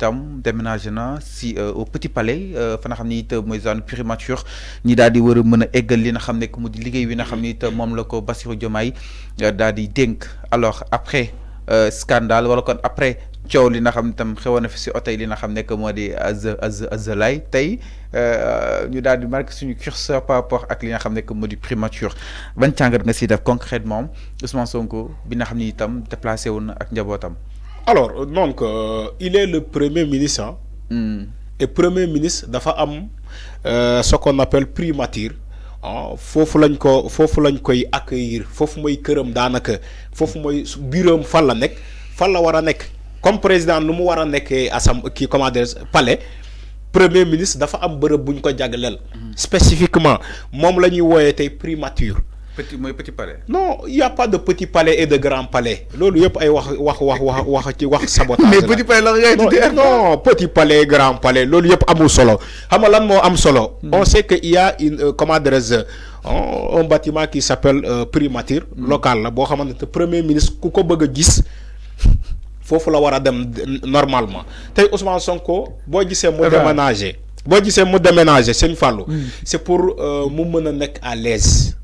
tam déménagé na si euh, au Petit Palais euh, fa nga xamni te moy zone primature ni daal di war a mën li nga xamné ne que mu wi nga xamni te mom la ko Bassirou euh, daal di alors après scandale wala kon après ciow li nga xam tam xewona fi ci hôtel li nga xamné que az az azalay tay ñu daal di suñu curseur par rapport ak li nga xamné que primature ban càngat nga ci def concrètement Ousmane Sonko bi nga xamni tam itam déplacé wu ak njabotam alors donc euh, il est le premier ministre hein. hmm. et premier ministre dafa am euh, ce qu'on appelle primature ah foofu lañ ko fofu lañ koy accueillir fofu mooy këram daanaka foofu mooy bureau fan la la comme président nous mu war a assam palais premier ministre dafa am bërëb bu ko hmm. spécifiquement moom la ñuy primature petit petit palais. non il y a pas de petit palais et de grand palais. loolu yëpp ay wax wax wax wax ci wax sabotage mais petit palais la non petit palais grand palais loolu yëpp amul solo xam lan moo am solo. Hmm. on sait que il y a une euh, comment un bâtiment qui s'appelle euh, primature hmm. local. la boo xamante ne premier ministre ku ko bëgg a gis. foofu la war dem normalement tey Ousmane Sonko boo gisee mu eh ben. déménager boo gisee mu déménager Sëñ Fallou hmm. c'est pour euh, mu mën a à l'aise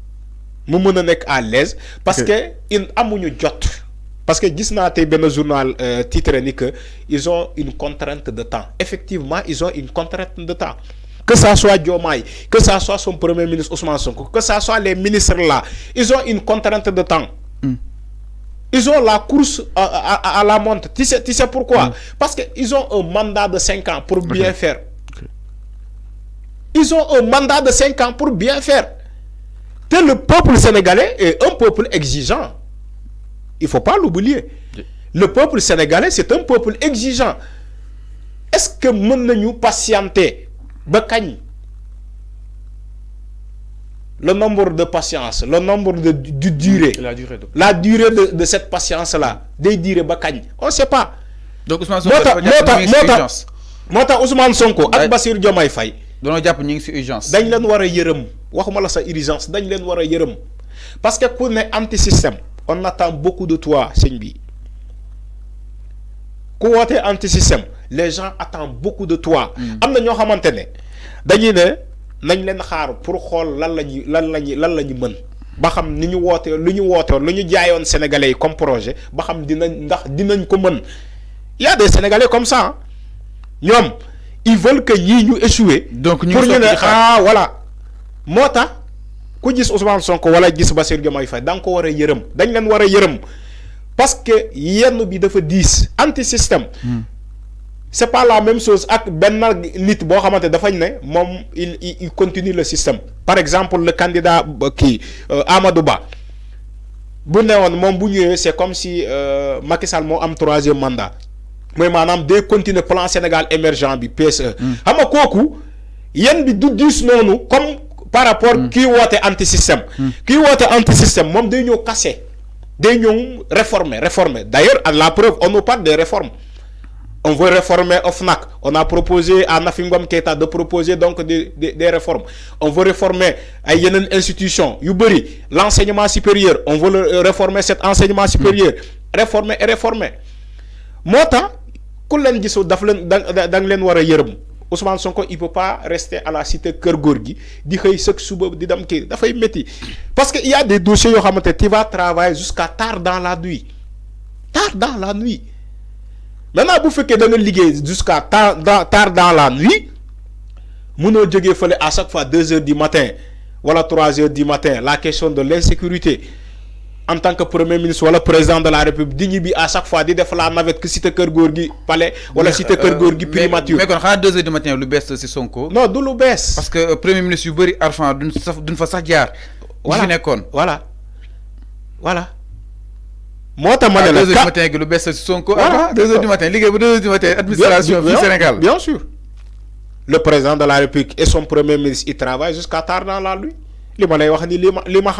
mu à l'aise parce que amuñu jot parce que journal euh, ils ont une contrainte de temps effectivement ils ont une contrainte de temps que ça soit Diomaye que ça soit son premier ministre Ousmane Sonko que ça soit les ministres là ils ont une contrainte de temps hmm. ils ont la course à, la montre tu sais, pourquoi hmm. parce qu'ils ont un mandat de 5 ans pour bien faire ils ont un mandat de 5 ans pour bien faire le peuple sénégalais est un peuple exigeant. Il ne faut pas l'oublier. Le peuple sénégalais, c'est un peuple exigeant. Est-ce que nous patienter Le nombre de patience, le nombre de, de, durée, la durée de, de, cette patience-là, des durées Bakani, on ne sait pas. Donc Ousmane Sonko, Mota, Ousmane Sonko, Bassir Diomaye Faye. Donc urgence waxuma la sa irigence dañ leen war a yërëm parce que ku ne anti système on attend beaucoup de toi sëñ bi ku wootee anti système les gens attendent beaucoup de toi. Mm. am na ñoo xamante ne dañuy ne nañ leen xaar pour xool lan la ñuy lan la ñuy lan la mën. ba xam ni ñu wootee lu ñu sénégalais yi comme projet ba xam dinañ ndax dinañ ko mën y a des sénégalais comme ça hein. ñoom ils veulent que yii ñu échouer. donc ñu pour ñu ah, voilà moo ku gis Ousmane Sonko wala gis Bassirou Diomaye fay da nga ko war d'un yërëm dañ parce que yenn bi dafa dis anti système. Hmm. c'est pas la même chose ak bernard nit bo xamante dafañ ne mom il il continue le système par exemple le candidat kii euh, Amadou Ba bu ne mom c'est bu c'est comme si euh, Macky Sall moo am troisième mandat mais manam day continuer plan Sénégal émergent bi PSE. Hmm. xam nga koku yenn bi du diis nonu comme par rapport qui mm. est anti système. qui mm. est anti système moom day ñëw casser day ñëw réformer réformer d'ailleurs à la preuve on nous parle de réformes. on veut réformer OFNAC. On a proposé à Nafingom Keta de proposer donc des, réformes. On veut réformer une institution, Yuberi, l'enseignement supérieur. On veut euh, réformer cet enseignement supérieur. Mm. Réformer et réformer. Moi, tant, qu'on l'a dit, Ousmane Sonko il peut pas rester à la cité Keur Gorgui di xey suba di da fay parce que il y a des dossiers qui vont tu vas travailler jusqu'à tard dans la nuit tard dans la nuit maintenant bu que da nga liguer jusqu'à tard dans tard dans la nuit mënoo jógee fait à chaque fois 2h du matin voilà 3h du matin la question de l'insécurité en tant que premier ministre wala président de la république à chaque fois di def la navette que cité kër góor gi palais wala cité kër euh, góor gi primature mais kon xanaa deux heures du matin le lu c'est son Sonko non du le best parce que euh, premier ministre yu y arfan duñ saf duñ fa voilà voilà voilà moo tax 2h ah, du matin le lu c'est son Sonko 2 ah, deux heures du matin liggéey deux heures du matin administration du Sénégal bien sûr le président de la république et son premier ministre ils travaillent jusqu'à tard dans la nuit li ma lay wax ni li ma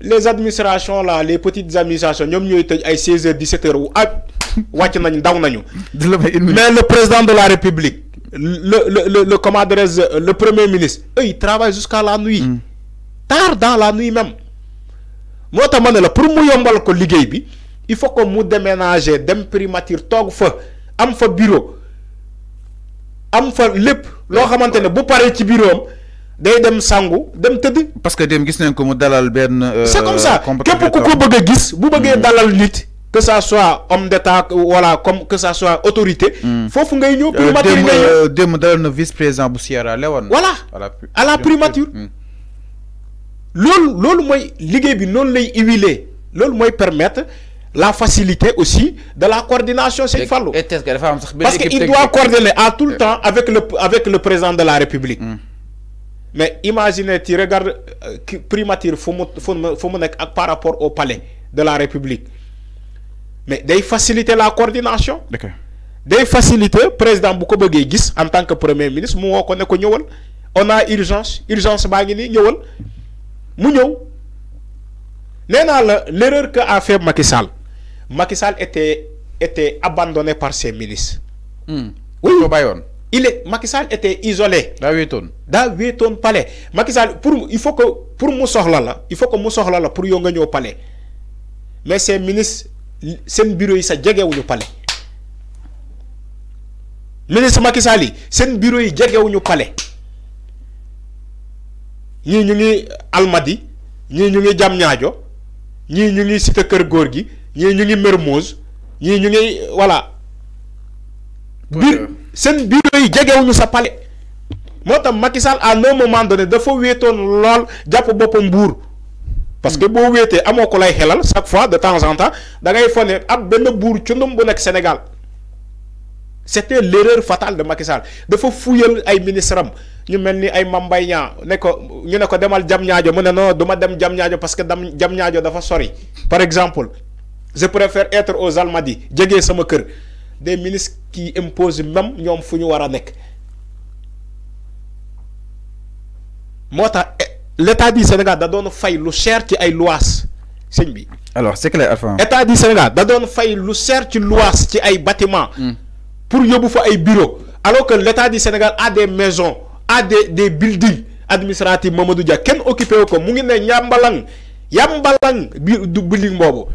les administrations là les petites administrations ñoom ñooy à 16 h 17 h ou wàcc mais le président de la république. le le le le le premier ministre. eux ils travaillent jusqu'à la nuit. Hmm. tard dans la nuit même. Moi tax ma la pour mu yombal ko liggéey bi il faut que mu déménager dem primature toog fa am fa bureau am fa lépp loo xamante ne bu paree ci bureau day dem sangu dem teud parce que dem gis nañ ko mu dalal benn. Euh, c'est comme ça kep ku ko beug gis. bu bëggee mm. dalal nit. que ça soit homme d'état voilà comme que ça soit autorité. Mm. fofu ngay ñëw euh, primature ngay ñëw euh, dalal na vice président bu Sierra Leone. voilà à la primature. Mm. loolu lool moy liggéey bi non lay huiler lool moy permettre la facilité aussi de la coordination Serigne fallo parce qu'il doit coordonner à tout le temps avec le avec le président de la République mais imaginez tu regardes euh, primature par rapport au palais de la république mais de faciliter la coordination. de faciliter président bu en tant que premier ministre mu on a urgence urgence baa ngi une urgence, l'erreur que a fait Macky Sall Macky Sall était était abandonné par ses ministres. Hmm. oui oui il est Macky Sall était isolé. daa wéetoon daa palais Macky Sall pour il faut que pour mu soxla la il faut que mu soxla pour yo nga au palais mais ces ministres sen bureau yi sa au palais ministre Macky Sall sen bureau yi au palais ñi ñu ngi Almadi ñi ñu ngi Diamniadio ñi ñu ngi Cité Keur Gorgui ñi ñu ngi Mermoz ñi ñu ngi voilà sen bureau yi jegewuñu sa palais motam tax Macky Sall à un moment donné dafa wéetoon lol jàpp bopam bour parce que bo wété amoko lay xelal chaque fois de temps en temps da ngay foné ab ab bour ci ndum bu nek Sénégal c'était l'erreur fatale de Macky Sall dafa fouyel ay ministram ñu melni ni ay Mame Mbaye Niang ne ko ñu ne ko demal jam ñaajo mu ne non du dem jam ñaajo parce que dam jam ñaajo dafa sori par exemple je préfère être aux Almadies djégé sama kër des ministres qui imposent même ñom fuñu wara nek eh, l'état du Sénégal da doon fay lu cher ci ay lois bi. alors c'est clair Alpha. état du Sénégal da doon fay lu cher ci lois, ci ay bâtiments. Hmm. pour yóbbu fa ay bureaux. alors que l'état du Sénégal a des maisons a des des buildings administratifs Mamadou Dia ken occupé ko mu ngi ne ñambalang Yambalang bi du building boobu.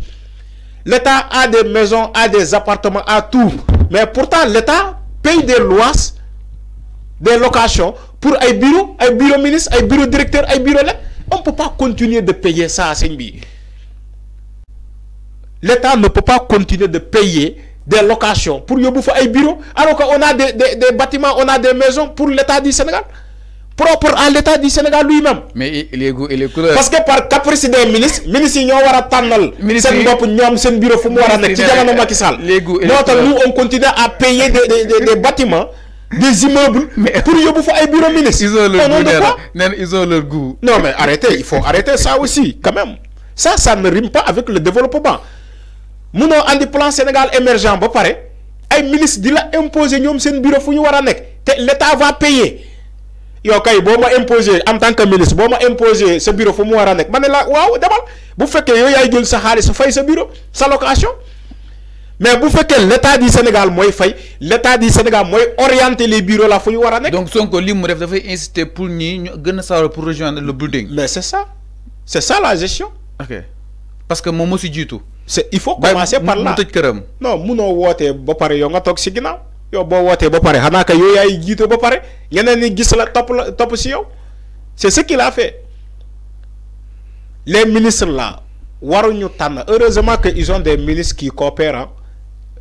L'État a des maisons, a des appartements, a tout. Mais pourtant, l'État paye des lois, des locations pour un bureau, un bureau ministre, un bureau directeur, un bureau On ne peut pas continuer de payer ça à Sengbi. L'État ne peut pas continuer de payer des locations pour bouffer un bureau. alors qu'on a des bâtiments, on a des maisons pour l'État du Sénégal propre à l'État du Sénégal lui-même. mais les goûts et les couleurs. parce que par caprice des ministres ministre n'y aura pas de ministres seen bopp pas bureau fu mu war Macky Sall. les et les couleurs nous on continue à payer des des des bâtiments. des immeubles pour y avoir ay bureau ministre. ils ont leur goût ils ont leur non mais arrêtez il faut arrêter ça aussi quand même ça ça ne rime pas avec le développement nous avons un plan Sénégal émergent ba ay ministres ont imposé imposer ñoom seen bureau fu ñu l'État va payer yo kay boma ma imposé en tant que ministre boma ma imposé ce bureau fou mo wara nek mané la waaw demal bu féké yo yay jël sa xaliss fay sa bureau sa location mais bu féké l'état du Sénégal moy fay l'état du Sénégal moy orienter les bureaux la fou ñu wara nek donc Sonko limu mu da fay insister pour ñi ñu gën a pour rejoindre le building. mais c'est ça c'est ça la gestion. ok parce que moom moo si jiitu. c' il faut commencer par là mu non ba paré yo nga tok ci ginnaaw yow bo woté ba paré xanaa kay yow yaay jiite ba paré ñeneen ñi gis la top la topp yow c'est ce qu'il a fait les ministres là waruñu tànn heureusement que ils ont des ministres qui coopèrent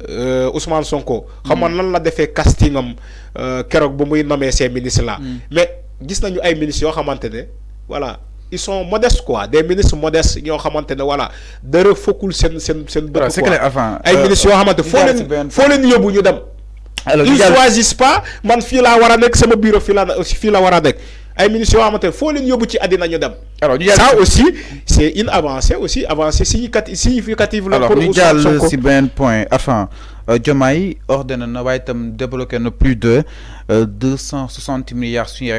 euh, Ousmane Sonko. xamoon mm. nan la défé casting euh, kérok bu muy nommer ces ministres là. Mm. mais gis nañu ay ministres yo xamante voilà. ils sont modestes quoi des ministres modestes ñoo xamante voilà de fokkul sen, sen. sen bët quoi ay euh, ministres yo xamante fo leen fo leen yobu ñu dem alors ils choisissent pas man fii laa war c'est mon bureau fii aussi fii la war a ay ministres wa xamante ne foo leen yóbbu ci àddina alors ça aussi c'est une avancée aussi avancée significative Alors, pour ñu c'est si le point enfin euh, Diomaye ordonne na waaye itam débloqué plus de 260 euh, milliards sur